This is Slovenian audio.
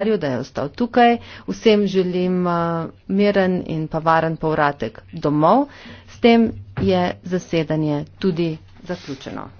Hvala, da je ostal tukaj. Vsem želim uh, miren in pa varen povratek domov. S tem je zasedanje tudi zaključeno.